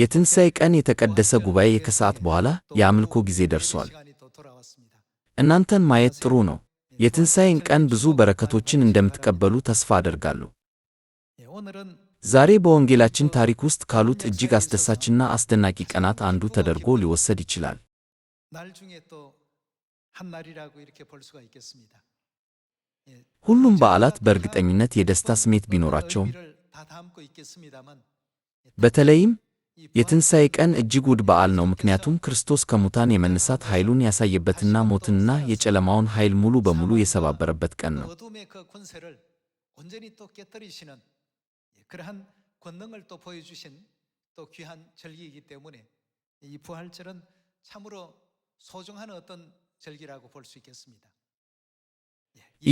የትንሣኤ ቀን የተቀደሰ ጉባኤ ከሰዓት በኋላ የአምልኮ ጊዜ ደርሷል። እናንተን ማየት ጥሩ ነው። የትንሣኤን ቀን ብዙ በረከቶችን እንደምትቀበሉ ተስፋ አደርጋለሁ። ዛሬ በወንጌላችን ታሪክ ውስጥ ካሉት እጅግ አስደሳችና አስደናቂ ቀናት አንዱ ተደርጎ ሊወሰድ ይችላል። ሁሉም በዓላት በእርግጠኝነት የደስታ ስሜት ቢኖራቸውም በተለይም የትንሣኤ ቀን እጅግ ውድ በዓል ነው። ምክንያቱም ክርስቶስ ከሙታን የመነሳት ኃይሉን ያሳየበትና ሞትንና የጨለማውን ኃይል ሙሉ በሙሉ የሰባበረበት ቀን ነው።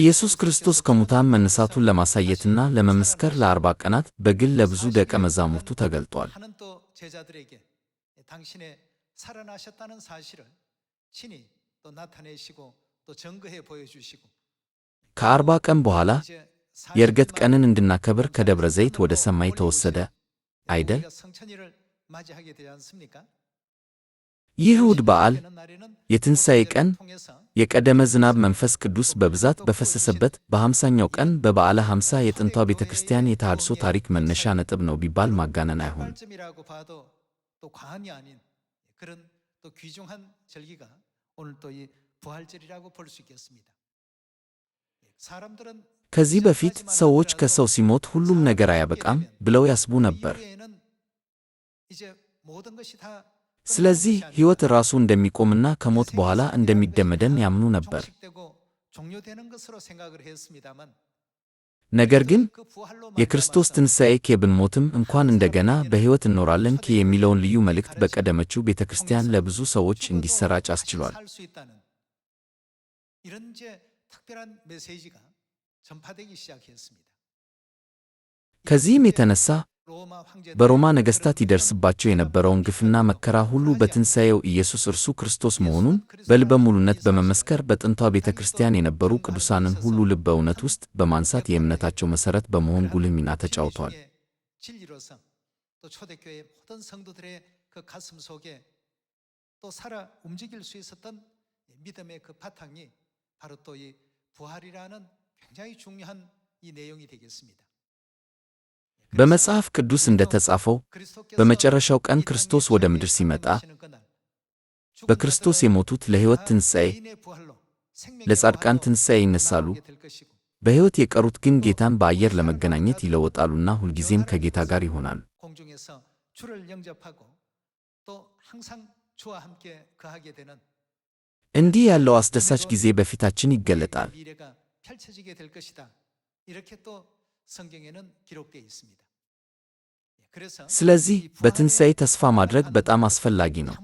ኢየሱስ ክርስቶስ ከሙታን መነሳቱን ለማሳየትና ለመመስከር ለአርባ ቀናት በግል ለብዙ ደቀ መዛሙርቱ ተገልጧል። 제자들에게 당신의 살아나셨다는 사실을 친히 또 나타내시고 또 증거해 보여주시고 ከአርባ ቀን በኋላ የእርገት ቀንን እንድናከብር ከደብረ ዘይት ወደ ሰማይ ተወሰደ አይደል? ይህ እሑድ በዓል የትንሣኤ ቀን የቀደመ ዝናብ መንፈስ ቅዱስ በብዛት በፈሰሰበት በሃምሳኛው ቀን በበዓለ ሃምሳ የጥንቷ ቤተ ክርስቲያን የተሃድሶ ታሪክ መነሻ ነጥብ ነው ቢባል ማጋነን አይሆንም። ከዚህ በፊት ሰዎች ከሰው ሲሞት ሁሉም ነገር አያበቃም ብለው ያስቡ ነበር። ስለዚህ ሕይወት ራሱ እንደሚቆምና ከሞት በኋላ እንደሚደመደም ያምኑ ነበር። ነገር ግን የክርስቶስ ትንሣኤ ኬ ብንሞትም እንኳን እንደገና በሕይወት እኖራለን ኬ የሚለውን ልዩ መልእክት በቀደመችው ቤተ ክርስቲያን ለብዙ ሰዎች እንዲሰራጭ አስችሏል። ከዚህም የተነሳ በሮማ ነገሥታት ይደርስባቸው የነበረውን ግፍና መከራ ሁሉ በትንሣኤው ኢየሱስ እርሱ ክርስቶስ መሆኑን በልበ ሙሉነት በመመስከር በጥንቷ ቤተ ክርስቲያን የነበሩ ቅዱሳንን ሁሉ ልብ በእውነት ውስጥ በማንሳት የእምነታቸው መሠረት በመሆን ጉልህ ሚና ተጫውተዋል። በመጽሐፍ ቅዱስ ተጻፈው በመጨረሻው ቀን ክርስቶስ ወደ ምድር ሲመጣ በክርስቶስ የሞቱት ለሕይወት ትንሣኤ፣ ለጻድቃን ትንሣኤ ይነሳሉ። በሕይወት የቀሩት ግን ጌታን በአየር ለመገናኘት ይለወጣሉና ሁልጊዜም ከጌታ ጋር ይሆናሉ። እንዲህ ያለው አስደሳች ጊዜ በፊታችን ይገለጣል። ስለዚህ በትንሣኤ ተስፋ ማድረግ በጣም አስፈላጊ ነው።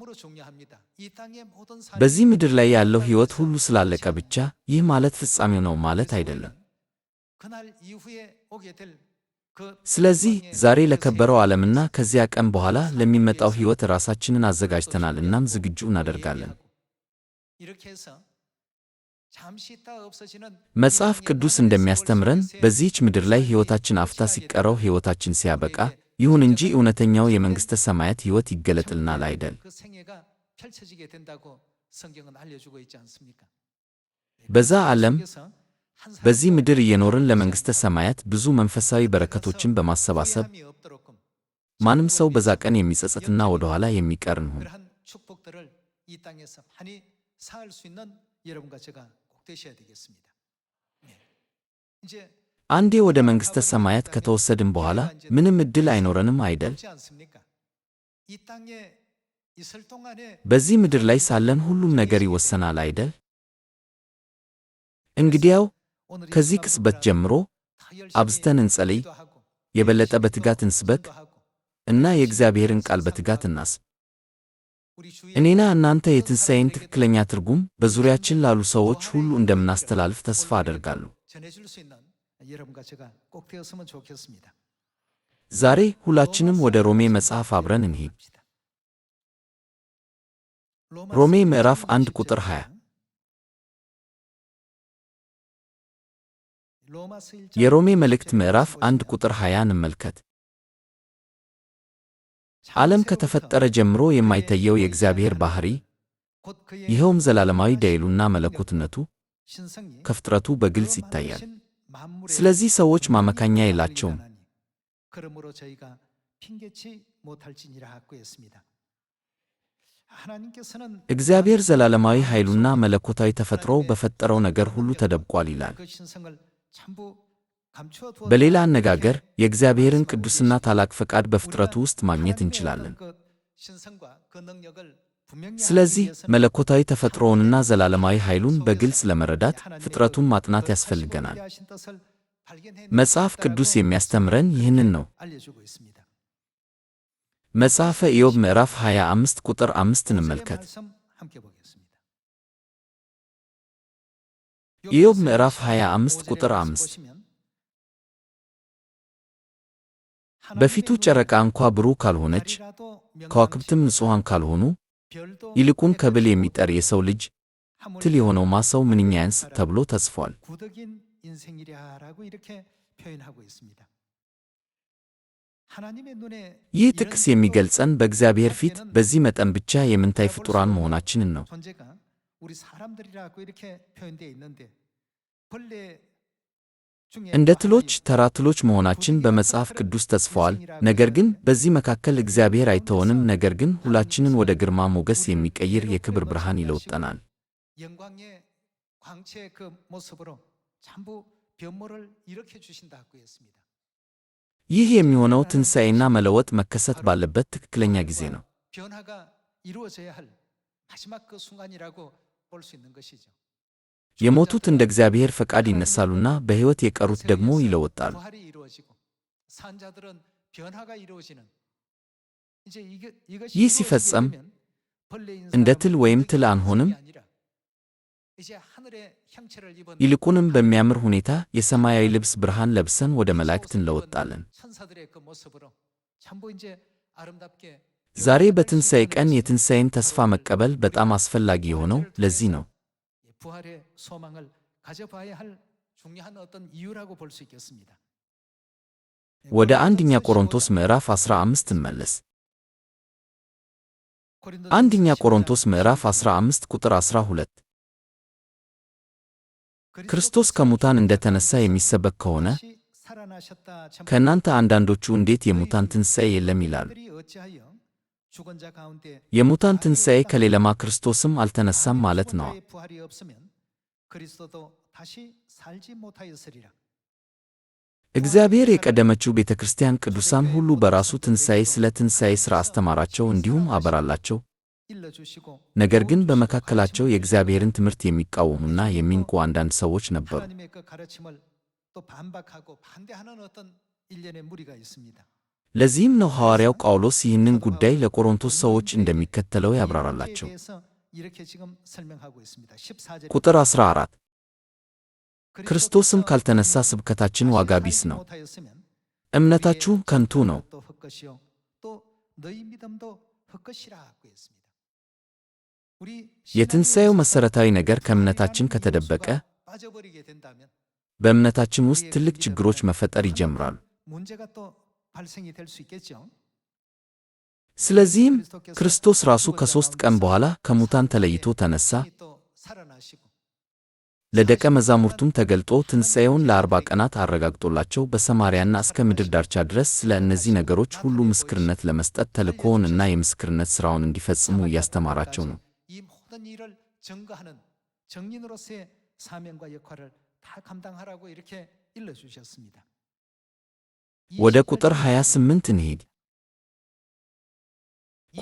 በዚህ ምድር ላይ ያለው ሕይወት ሁሉ ስላለቀ ብቻ ይህ ማለት ፍጻሜው ነው ማለት አይደለም። ስለዚህ ዛሬ ለከበረው ዓለምና ከዚያ ቀን በኋላ ለሚመጣው ሕይወት ራሳችንን አዘጋጅተናል። እናም ዝግጁ እናደርጋለን። መጽሐፍ ቅዱስ እንደሚያስተምረን በዚህች ምድር ላይ ሕይወታችን አፍታ ሲቀረው ሕይወታችን ሲያበቃ፣ ይሁን እንጂ እውነተኛው የመንግሥተ ሰማያት ሕይወት ይገለጥልናል አይደል? በዛ ዓለም በዚህ ምድር እየኖርን ለመንግሥተ ሰማያት ብዙ መንፈሳዊ በረከቶችን በማሰባሰብ ማንም ሰው በዛ ቀን የሚጸጸትና ወደ ኋላ የሚቀር እንሁን። አንዴ ወደ መንግሥተ ሰማያት ከተወሰድን በኋላ ምንም ዕድል አይኖረንም አይደል? በዚህ ምድር ላይ ሳለን ሁሉም ነገር ይወሰናል አይደል? እንግዲያው ከዚህ ክስበት ጀምሮ አብዝተን እንጸልይ፣ የበለጠ በትጋት እንስበክ እና የእግዚአብሔርን ቃል በትጋት እናስብ። እኔና እናንተ የትንሣኤን ትክክለኛ ትርጉም በዙሪያችን ላሉ ሰዎች ሁሉ እንደምናስተላልፍ ተስፋ አደርጋለሁ። ዛሬ ሁላችንም ወደ ሮሜ መጽሐፍ አብረን እንሂድ። ሮሜ ምዕራፍ 1 ቁጥር 20 የሮሜ መልእክት ምዕራፍ 1 ቁጥር 20 እንመልከት። ዓለም ከተፈጠረ ጀምሮ የማይታየው የእግዚአብሔር ባሕሪ ይኸውም ዘላለማዊ ደይሉና መለኮትነቱ ከፍጥረቱ በግልጽ ይታያል። ስለዚህ ሰዎች ማመካኛ የላቸውም። እግዚአብሔር ዘላለማዊ ኃይሉና መለኮታዊ ተፈጥሮው በፈጠረው ነገር ሁሉ ተደብቋል ይላል። በሌላ አነጋገር የእግዚአብሔርን ቅዱስና ታላቅ ፈቃድ በፍጥረቱ ውስጥ ማግኘት እንችላለን። ስለዚህ መለኮታዊ ተፈጥሮውንና ዘላለማዊ ኃይሉን በግልጽ ለመረዳት ፍጥረቱን ማጥናት ያስፈልገናል። መጽሐፍ ቅዱስ የሚያስተምረን ይህንን ነው። መጽሐፈ ኢዮብ ምዕራፍ 25 ቁጥር 5 እንመልከት። ኢዮብ ምዕራፍ 25 ቁጥር 5 በፊቱ ጨረቃ እንኳ ብሩህ ካልሆነች፣ ከዋክብትም ንጹሐን ካልሆኑ፣ ይልቁን ከብል የሚጠር የሰው ልጅ ትል የሆነው ማሰው ምንኛ ያንስ ተብሎ ተጽፏል። ይህ ጥቅስ የሚገልጸን በእግዚአብሔር ፊት በዚህ መጠን ብቻ የምንታይ ፍጡራን መሆናችንን ነው። እንደ ትሎች ተራ ትሎች መሆናችን በመጽሐፍ ቅዱስ ተጽፈዋል። ነገር ግን በዚህ መካከል እግዚአብሔር አይተወንም። ነገር ግን ሁላችንን ወደ ግርማ ሞገስ የሚቀይር የክብር ብርሃን ይለውጠናል። ይህ የሚሆነው ትንሣኤና መለወጥ መከሰት ባለበት ትክክለኛ ጊዜ ነው። የሞቱት እንደ እግዚአብሔር ፈቃድ ይነሳሉና በሕይወት የቀሩት ደግሞ ይለወጣሉ። ይህ ሲፈጸም እንደ ትል ወይም ትል አንሆንም፣ ይልቁንም በሚያምር ሁኔታ የሰማያዊ ልብስ ብርሃን ለብሰን ወደ መላእክት እንለወጣለን። ዛሬ በትንሣኤ ቀን የትንሣኤን ተስፋ መቀበል በጣም አስፈላጊ የሆነው ለዚህ ነው። 부활의 소망을 가져봐야 할 중요한 어떤 이유라고 볼 있겠습니다. ወደ አንደኛ ቆሮንቶስ ምዕራፍ 15 እንመለስ። አንደኛ ቆሮንቶስ ምዕራፍ 15 ቁጥር 12 ክርስቶስ ከሙታን እንደተነሳ የሚሰበክ ከሆነ ከእናንተ አንዳንዶቹ እንዴት የሙታን ትንሣኤ የለም ይላሉ? የሙታን ትንሣኤ ከሌለማ ክርስቶስም አልተነሳም ማለት ነው። እግዚአብሔር የቀደመችው ቤተ ክርስቲያን ቅዱሳን ሁሉ በራሱ ትንሣኤ ስለ ትንሣኤ ሥራ አስተማራቸው፣ እንዲሁም አበራላቸው። ነገር ግን በመካከላቸው የእግዚአብሔርን ትምህርት የሚቃወሙና የሚንቁ አንዳንድ ሰዎች ነበሩ። ለዚህም ነው ሐዋርያው ጳውሎስ ይህንን ጉዳይ ለቆሮንቶስ ሰዎች እንደሚከተለው ያብራራላቸው። ቁጥር 14 ክርስቶስም ካልተነሳ ስብከታችን ዋጋ ቢስ ነው፣ እምነታችሁ ከንቱ ነው። የትንሣኤው መሠረታዊ ነገር ከእምነታችን ከተደበቀ በእምነታችን ውስጥ ትልቅ ችግሮች መፈጠር ይጀምራሉ። ስለዚህም ክርስቶስ ራሱ ከሦስት ቀን በኋላ ከሙታን ተለይቶ ተነሳ። ለደቀ መዛሙርቱም ተገልጦ ትንሣኤውን ለአርባ ቀናት አረጋግጦላቸው በሰማርያና እስከ ምድር ዳርቻ ድረስ ስለ እነዚህ ነገሮች ሁሉ ምስክርነት ለመስጠት ተልእኮውን እና የምስክርነት ሥራውን እንዲፈጽሙ እያስተማራቸው ነው። 정인으로서의 사명과 역할을 다 감당하라고 이렇게 일러주셨습니다. ወደ ቁጥር 28 እንሂድ።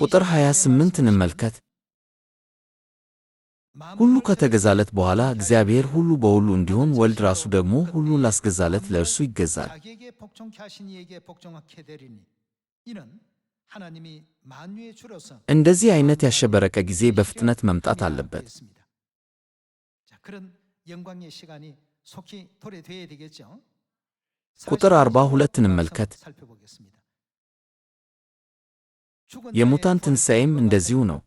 ቁጥር 28 እንመልከት። ሁሉ ከተገዛለት በኋላ እግዚአብሔር ሁሉ በሁሉ እንዲሆን ወልድ ራሱ ደግሞ ሁሉን ላስገዛለት ለእርሱ ይገዛል። እንደዚህ አይነት ያሸበረቀ ጊዜ በፍጥነት መምጣት አለበት። ቁጥር 42 እንመልከት። የሙታን ትንሣኤም እንደዚሁ ነው።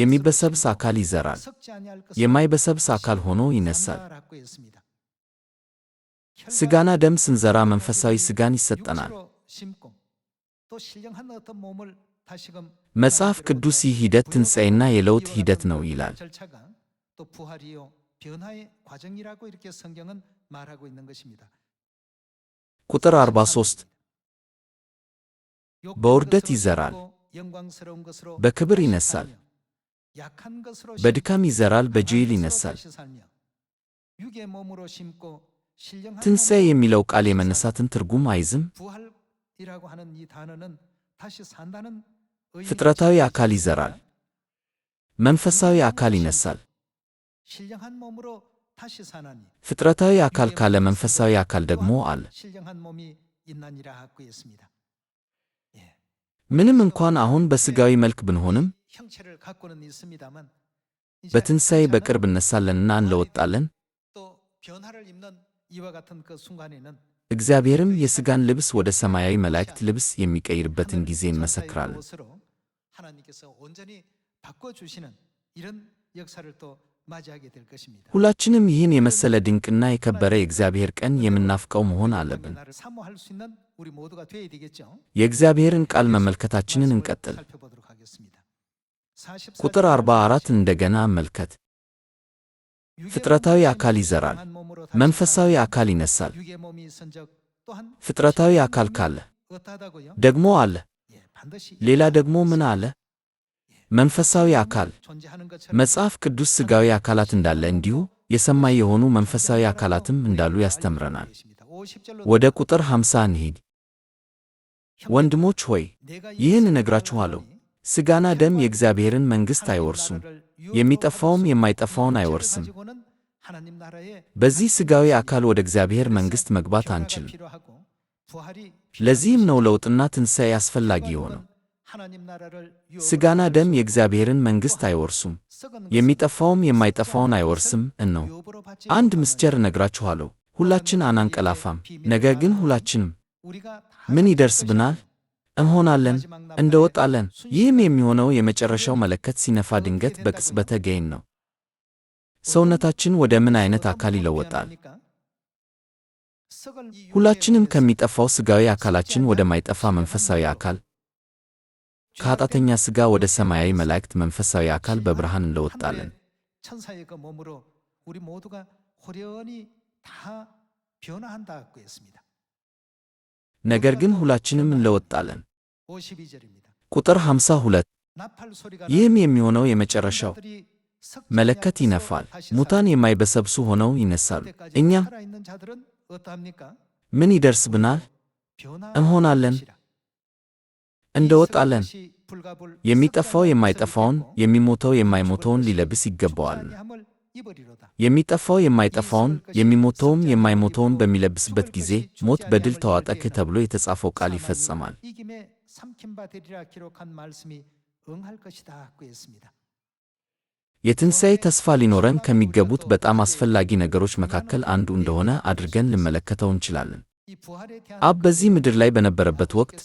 የሚበሰብስ አካል ይዘራል፣ የማይበሰብስ አካል ሆኖ ይነሳል። ሥጋና ደም ስንዘራ መንፈሳዊ ሥጋን ይሰጠናል። መጽሐፍ ቅዱስ ይህ ሂደት ትንሣኤና የለውጥ ሂደት ነው ይላል። ቁጥር 43 በውርደት ይዘራል፣ በክብር ይነሳል። በድካም ይዘራል፣ በጅል ይነሳል። ትንሣኤ የሚለው ቃል የመነሳትን ትርጉም አይዝም። ፍጥረታዊ አካል ይዘራል፣ መንፈሳዊ አካል ይነሳል። ፍጥረታዊ አካል ካለ መንፈሳዊ አካል ደግሞ አለ። ምንም እንኳን አሁን በሥጋዊ መልክ ብንሆንም በትንሣኤ በቅርብ እነሳለንና እንለወጣለን። እግዚአብሔርም የሥጋን ልብስ ወደ ሰማያዊ መላእክት ልብስ የሚቀይርበትን ጊዜ እንመሰክራለን። ሁላችንም ይህን የመሰለ ድንቅና የከበረ የእግዚአብሔር ቀን የምናፍቀው መሆን አለብን። የእግዚአብሔርን ቃል መመልከታችንን እንቀጥል። ቁጥር 44 እንደገና መልከት። ፍጥረታዊ አካል ይዘራል፣ መንፈሳዊ አካል ይነሳል። ፍጥረታዊ አካል ካለ ደግሞ አለ ሌላ ደግሞ ምን አለ? መንፈሳዊ አካል መጽሐፍ ቅዱስ ሥጋዊ አካላት እንዳለ እንዲሁ የሰማይ የሆኑ መንፈሳዊ አካላትም እንዳሉ ያስተምረናል። ወደ ቁጥር ሃምሳ እንሂድ። ወንድሞች ሆይ ይህን እነግራችኋለሁ፣ ሥጋና ደም የእግዚአብሔርን መንግሥት አይወርሱም፣ የሚጠፋውም የማይጠፋውን አይወርስም። በዚህ ሥጋዊ አካል ወደ እግዚአብሔር መንግሥት መግባት አንችልም። ለዚህም ነው ለውጥና ትንሣኤ አስፈላጊ የሆነው። ሥጋና ደም የእግዚአብሔርን መንግሥት አይወርሱም፣ የሚጠፋውም የማይጠፋውን አይወርስም እነው። አንድ ምስጢር እነግራችኋለሁ፣ ሁላችን አናንቀላፋም፣ ነገር ግን ሁላችንም ምን ይደርስብናል እንሆናለን፣ እንደወጣለን። ይህም የሚሆነው የመጨረሻው መለከት ሲነፋ ድንገት በቅጽበተ ገይን ነው። ሰውነታችን ወደ ምን ዓይነት አካል ይለወጣል? ሁላችንም ከሚጠፋው ሥጋዊ አካላችን ወደማይጠፋ መንፈሳዊ አካል ከኃጢአተኛ ሥጋ ወደ ሰማያዊ መላእክት መንፈሳዊ አካል በብርሃን እንለወጣለን። ነገር ግን ሁላችንም እንለወጣለን። ቁጥር 52 ይህም የሚሆነው የመጨረሻው መለከት ይነፋል፣ ሙታን የማይበሰብሱ ሆነው ይነሳሉ። እኛ ምን ይደርስብናል? እንሆናለን እንደወጣለን የሚጠፋው የማይጠፋውን የሚሞተው የማይሞተውን ሊለብስ ይገባዋል። የሚጠፋው የማይጠፋውን የሚሞተውም የማይሞተውን በሚለብስበት ጊዜ ሞት በድል ተዋጠክህ ተብሎ የተጻፈው ቃል ይፈጸማል። የትንሣኤ ተስፋ ሊኖረን ከሚገቡት በጣም አስፈላጊ ነገሮች መካከል አንዱ እንደሆነ አድርገን ልመለከተው እንችላለን። አብ በዚህ ምድር ላይ በነበረበት ወቅት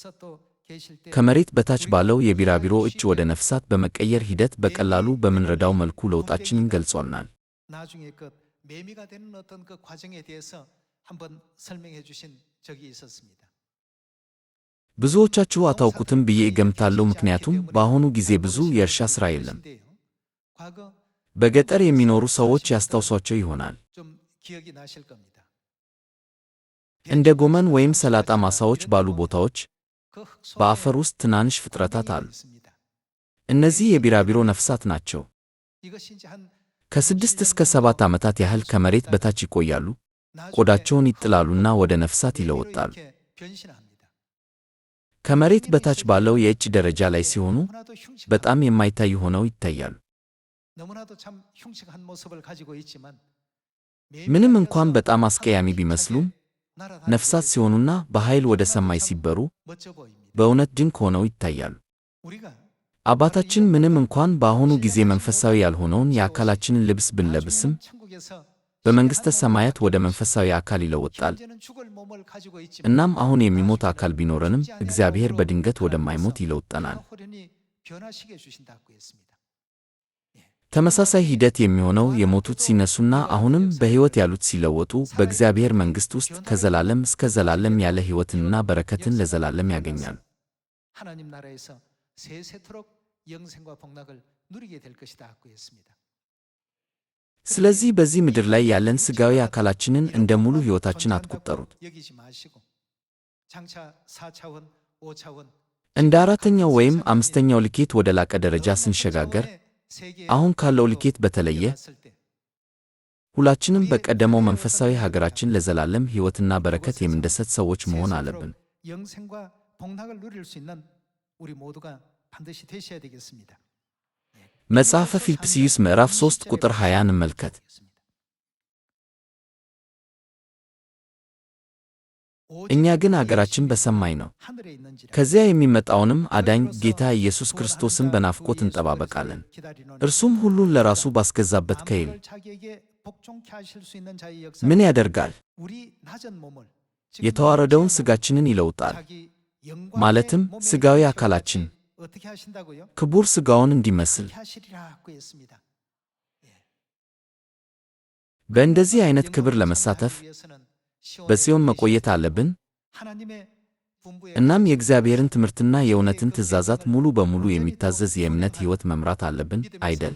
ከመሬት በታች ባለው የቢራቢሮ እጅ ወደ ነፍሳት በመቀየር ሂደት በቀላሉ በምንረዳው መልኩ ለውጣችንን ገልጿልናል። ብዙዎቻችሁ አታውቁትም ብዬ እገምታለሁ፣ ምክንያቱም በአሁኑ ጊዜ ብዙ የእርሻ ሥራ የለም። በገጠር የሚኖሩ ሰዎች ያስታውሷቸው ይሆናል። እንደ ጎመን ወይም ሰላጣ ማሳዎች ባሉ ቦታዎች በአፈር ውስጥ ትናንሽ ፍጥረታት አሉ። እነዚህ የቢራቢሮ ነፍሳት ናቸው። ከስድስት እስከ ሰባት ዓመታት ያህል ከመሬት በታች ይቆያሉ። ቆዳቸውን ይጥላሉና ወደ ነፍሳት ይለወጣሉ። ከመሬት በታች ባለው የእጅ ደረጃ ላይ ሲሆኑ በጣም የማይታይ ሆነው ይታያሉ። ምንም እንኳን በጣም አስቀያሚ ቢመስሉም ነፍሳት ሲሆኑና በኃይል ወደ ሰማይ ሲበሩ በእውነት ድንቅ ሆነው ይታያሉ። አባታችን ምንም እንኳን በአሁኑ ጊዜ መንፈሳዊ ያልሆነውን የአካላችንን ልብስ ብንለብስም በመንግሥተ ሰማያት ወደ መንፈሳዊ አካል ይለወጣል። እናም አሁን የሚሞት አካል ቢኖረንም እግዚአብሔር በድንገት ወደማይሞት ይለውጠናል። ተመሳሳይ ሂደት የሚሆነው የሞቱት ሲነሱና አሁንም በሕይወት ያሉት ሲለወጡ በእግዚአብሔር መንግሥት ውስጥ ከዘላለም እስከ ዘላለም ያለ ሕይወትንና በረከትን ለዘላለም ያገኛሉ። ስለዚህ በዚህ ምድር ላይ ያለን ሥጋዊ አካላችንን እንደ ሙሉ ሕይወታችን አትቁጠሩት። እንደ አራተኛው ወይም አምስተኛው ልኬት ወደ ላቀ ደረጃ ስንሸጋገር አሁን ካለው ልኬት በተለየ ሁላችንም በቀደመው መንፈሳዊ ሀገራችን ለዘላለም ሕይወትና በረከት የምንደሰት ሰዎች መሆን አለብን። መጽሐፈ ፊልጵስዩስ ምዕራፍ 3 ቁጥር 20 እንመልከት። እኛ ግን አገራችን በሰማይ ነው። ከዚያ የሚመጣውንም አዳኝ ጌታ ኢየሱስ ክርስቶስን በናፍቆት እንጠባበቃለን። እርሱም ሁሉን ለራሱ ባስገዛበት ከይል ምን ያደርጋል? የተዋረደውን ሥጋችንን ይለውጣል። ማለትም ሥጋዊ አካላችን ክቡር ሥጋውን እንዲመስል በእንደዚህ ዐይነት ክብር ለመሳተፍ በጽዮን መቆየት አለብን። እናም የእግዚአብሔርን ትምህርትና የእውነትን ትእዛዛት ሙሉ በሙሉ የሚታዘዝ የእምነት ሕይወት መምራት አለብን አይደል?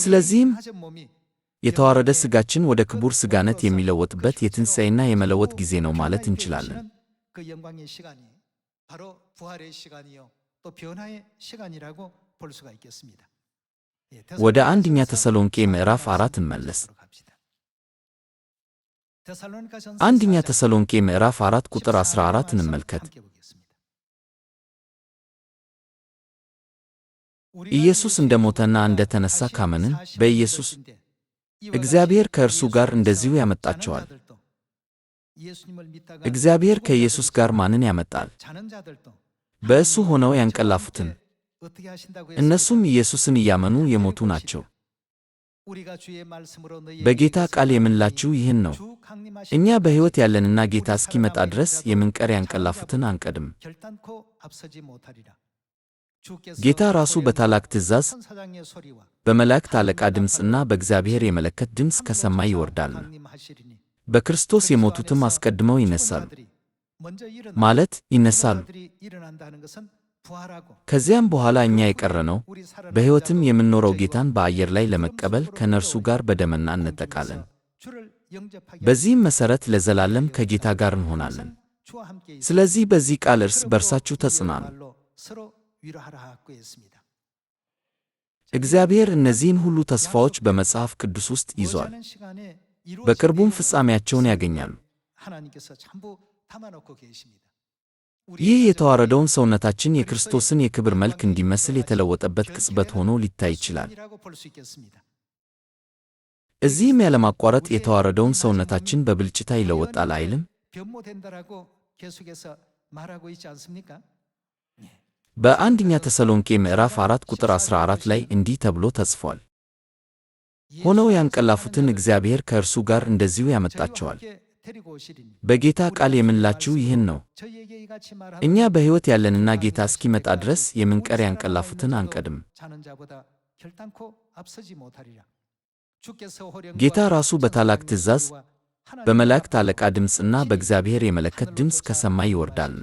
ስለዚህም የተዋረደ ሥጋችን ወደ ክቡር ሥጋነት የሚለወጥበት የትንሣኤና የመለወጥ ጊዜ ነው ማለት እንችላለን። ወደ አንደኛ ተሰሎንቄ ምዕራፍ አራት እንመለስ። አንደኛ ተሰሎንቄ ምዕራፍ 4 ቁጥር 14 እንመልከት። ኢየሱስ እንደሞተና እንደተነሳ ካመንን በኢየሱስ እግዚአብሔር ከእርሱ ጋር እንደዚሁ ያመጣቸዋል። እግዚአብሔር ከኢየሱስ ጋር ማንን ያመጣል? በእሱ ሆነው ያንቀላፉትን። እነሱም ኢየሱስን እያመኑ የሞቱ ናቸው። በጌታ ቃል የምንላችሁ ይህን ነው። እኛ በሕይወት ያለንና ጌታ እስኪመጣ ድረስ የምንቀር ያንቀላፉትን አንቀድም። ጌታ ራሱ በታላቅ ትእዛዝ በመላእክት አለቃ ድምፅና በእግዚአብሔር የመለከት ድምፅ ከሰማይ ይወርዳል። በክርስቶስ የሞቱትም አስቀድመው ይነሳሉ ማለት ይነሳሉ። ከዚያም በኋላ እኛ የቀረነው በሕይወትም የምንኖረው ጌታን በአየር ላይ ለመቀበል ከነርሱ ጋር በደመና እንጠቃለን። በዚህም መሠረት ለዘላለም ከጌታ ጋር እንሆናለን። ስለዚህ በዚህ ቃል እርስ በርሳችሁ ተጽናኑ። እግዚአብሔር እነዚህን ሁሉ ተስፋዎች በመጽሐፍ ቅዱስ ውስጥ ይዟል። በቅርቡም ፍጻሜያቸውን ያገኛሉ። ይህ የተዋረደውን ሰውነታችን የክርስቶስን የክብር መልክ እንዲመስል የተለወጠበት ቅጽበት ሆኖ ሊታይ ይችላል። እዚህም ያለማቋረጥ የተዋረደውን ሰውነታችን በብልጭታ ይለወጣል አይልም? በአንደኛ ተሰሎንቄ ምዕራፍ 4 ቁጥር 14 ላይ እንዲህ ተብሎ ተጽፏል፣ ሆነው ያንቀላፉትን እግዚአብሔር ከእርሱ ጋር እንደዚሁ ያመጣቸዋል። በጌታ ቃል የምንላችሁ ይህን ነው። እኛ በሕይወት ያለንና ጌታ እስኪመጣ ድረስ የምንቀር ያንቀላፉትን አንቀድም። ጌታ ራሱ በታላቅ ትእዛዝ፣ በመላእክት አለቃ ድምፅና በእግዚአብሔር የመለከት ድምፅ ከሰማይ ይወርዳል።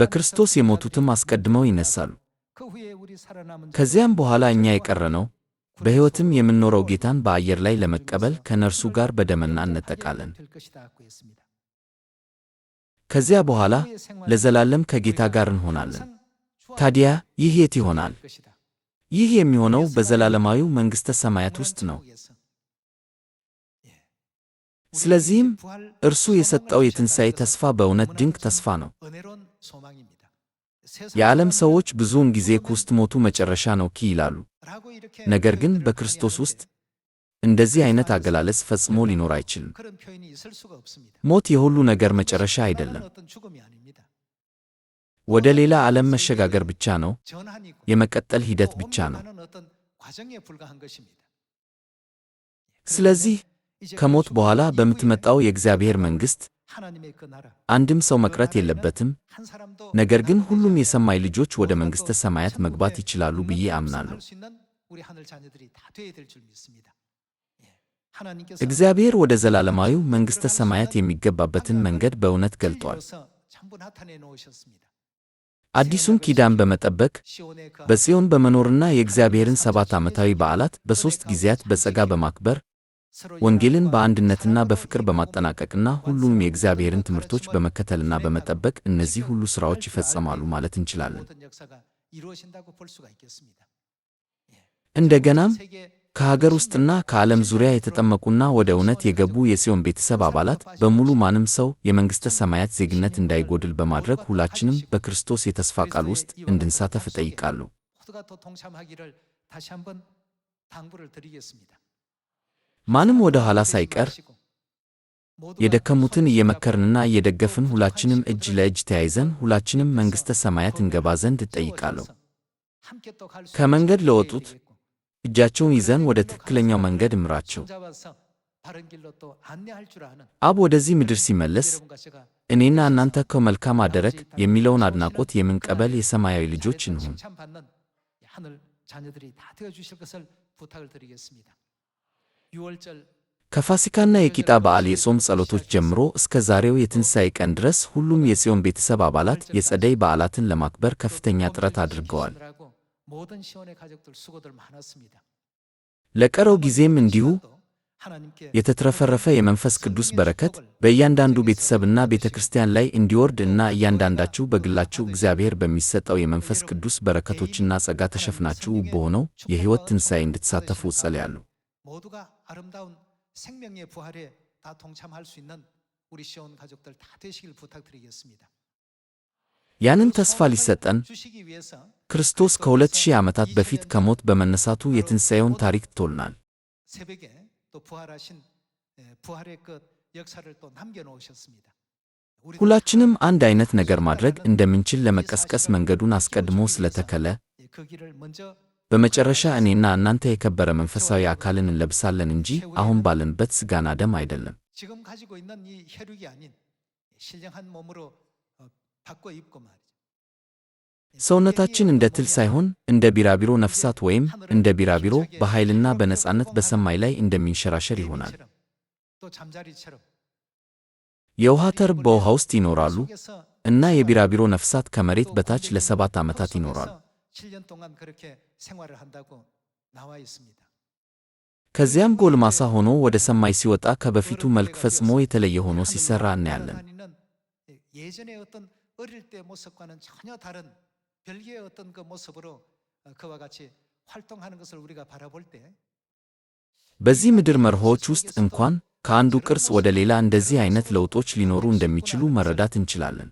በክርስቶስ የሞቱትም አስቀድመው ይነሳሉ። ከዚያም በኋላ እኛ የቀረነው በሕይወትም የምንኖረው ጌታን በአየር ላይ ለመቀበል ከነርሱ ጋር በደመና እንጠቃለን። ከዚያ በኋላ ለዘላለም ከጌታ ጋር እንሆናለን። ታዲያ ይህ የት ይሆናል? ይህ የሚሆነው በዘላለማዊው መንግሥተ ሰማያት ውስጥ ነው። ስለዚህም እርሱ የሰጠው የትንሣኤ ተስፋ በእውነት ድንቅ ተስፋ ነው። የዓለም ሰዎች ብዙውን ጊዜ ሞቱ መጨረሻ ነው ኪ ይላሉ። ነገር ግን በክርስቶስ ውስጥ እንደዚህ አይነት አገላለጽ ፈጽሞ ሊኖር አይችልም። ሞት የሁሉ ነገር መጨረሻ አይደለም። ወደ ሌላ ዓለም መሸጋገር ብቻ ነው። የመቀጠል ሂደት ብቻ ነው። ስለዚህ ከሞት በኋላ በምትመጣው የእግዚአብሔር መንግሥት አንድም ሰው መቅረት የለበትም። ነገር ግን ሁሉም የሰማይ ልጆች ወደ መንግሥተ ሰማያት መግባት ይችላሉ ብዬ አምናለሁ። እግዚአብሔር ወደ ዘላለማዊው መንግሥተ ሰማያት የሚገባበትን መንገድ በእውነት ገልጧል። አዲሱን ኪዳን በመጠበቅ በጽዮን በመኖርና የእግዚአብሔርን ሰባት ዓመታዊ በዓላት በሦስት ጊዜያት በጸጋ በማክበር ወንጌልን በአንድነትና በፍቅር በማጠናቀቅና ሁሉም የእግዚአብሔርን ትምህርቶች በመከተልና በመጠበቅ እነዚህ ሁሉ ሥራዎች ይፈጸማሉ ማለት እንችላለን። እንደገናም ከሀገር ውስጥና ከዓለም ዙሪያ የተጠመቁና ወደ እውነት የገቡ የሲዮን ቤተሰብ አባላት በሙሉ ማንም ሰው የመንግሥተ ሰማያት ዜግነት እንዳይጎድል በማድረግ ሁላችንም በክርስቶስ የተስፋ ቃል ውስጥ እንድንሳተፍ እጠይቃለሁ። ማንም ወደ ኋላ ሳይቀር የደከሙትን እየመከርንና እየደገፍን ሁላችንም እጅ ለእጅ ተያይዘን ሁላችንም መንግሥተ ሰማያት እንገባ ዘንድ እጠይቃለሁ። ከመንገድ ለወጡት እጃቸውን ይዘን ወደ ትክክለኛው መንገድ እምራቸው። አብ ወደዚህ ምድር ሲመለስ እኔና እናንተ ከው መልካም አደረግ የሚለውን አድናቆት የምንቀበል የሰማያዊ ልጆች እንሁን። ከፋሲካና የቂጣ በዓል የጾም ጸሎቶች ጀምሮ እስከ ዛሬው የትንሣኤ ቀን ድረስ ሁሉም የጽዮን ቤተሰብ አባላት የጸደይ በዓላትን ለማክበር ከፍተኛ ጥረት አድርገዋል። ለቀረው ጊዜም እንዲሁ የተትረፈረፈ የመንፈስ ቅዱስ በረከት በእያንዳንዱ ቤተሰብና ቤተ ክርስቲያን ላይ እንዲወርድ እና እያንዳንዳችሁ በግላችሁ እግዚአብሔር በሚሰጠው የመንፈስ ቅዱስ በረከቶችና ጸጋ ተሸፍናችሁ በሆነው የሕይወት ትንሣኤ እንድትሳተፉ እጸልያለሁ። 모두가 아름다운 생명의 부활에 다 동참할 수 있는 우리 시온 가족들 다 되시길 부탁드리겠습니다. ያንን ተስፋ ሊሰጠን ክርስቶስ ከሁለት ሺህ ዓመታት በፊት ከሞት በመነሳቱ የትንሣኤውን ታሪክ ትቶልናል። ሁላችንም አንድ አይነት ነገር ማድረግ እንደምንችል ለመቀስቀስ መንገዱን አስቀድሞ ስለተከለ በመጨረሻ እኔና እናንተ የከበረ መንፈሳዊ አካልን እንለብሳለን እንጂ አሁን ባለንበት ሥጋና ደም አይደለም። ሰውነታችን እንደ ትል ሳይሆን እንደ ቢራቢሮ ነፍሳት ወይም እንደ ቢራቢሮ በኃይልና በነጻነት በሰማይ ላይ እንደሚንሸራሸር ይሆናል። የውሃ ተርብ በውሃ ውስጥ ይኖራሉ እና የቢራቢሮ ነፍሳት ከመሬት በታች ለሰባት ዓመታት ይኖራሉ። 7년 동안 그렇게 생활을 한다고 나와 있습니다. ከዚያም ጎልማሳ ሆኖ ወደ ሰማይ ሲወጣ ከበፊቱ መልክ ፈጽሞ የተለየ ሆኖ ሲሰራ እናያለን። 예전에 어릴 때 모습과는 전혀 다른 별개의 어떤 그 모습으로 그와 같이 활동하는 것을 우리가 바라볼 때 በዚህ ምድር መርሆዎች ውስጥ እንኳን ከአንዱ ቅርጽ ወደ ሌላ እንደዚህ አይነት ለውጦች ሊኖሩ እንደሚችሉ መረዳት እንችላለን።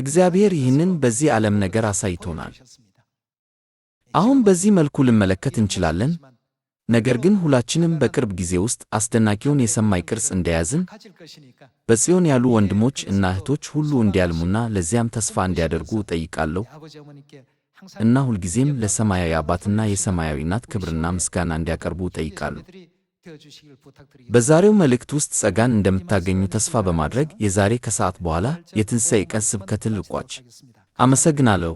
እግዚአብሔር ይህንን በዚህ ዓለም ነገር አሳይቶናል። አሁን በዚህ መልኩ ልመለከት እንችላለን። ነገር ግን ሁላችንም በቅርብ ጊዜ ውስጥ አስደናቂውን የሰማይ ቅርጽ እንደያዝን በጽዮን ያሉ ወንድሞች እና እህቶች ሁሉ እንዲያልሙና ለዚያም ተስፋ እንዲያደርጉ እጠይቃለሁ እና ሁልጊዜም ለሰማያዊ አባትና የሰማያዊ እናት ክብርና ምስጋና እንዲያቀርቡ እጠይቃለሁ። በዛሬው መልእክት ውስጥ ጸጋን እንደምታገኙ ተስፋ በማድረግ የዛሬ ከሰዓት በኋላ የትንሣኤ ቀን ስብከትን ልቋጭ። አመሰግናለሁ።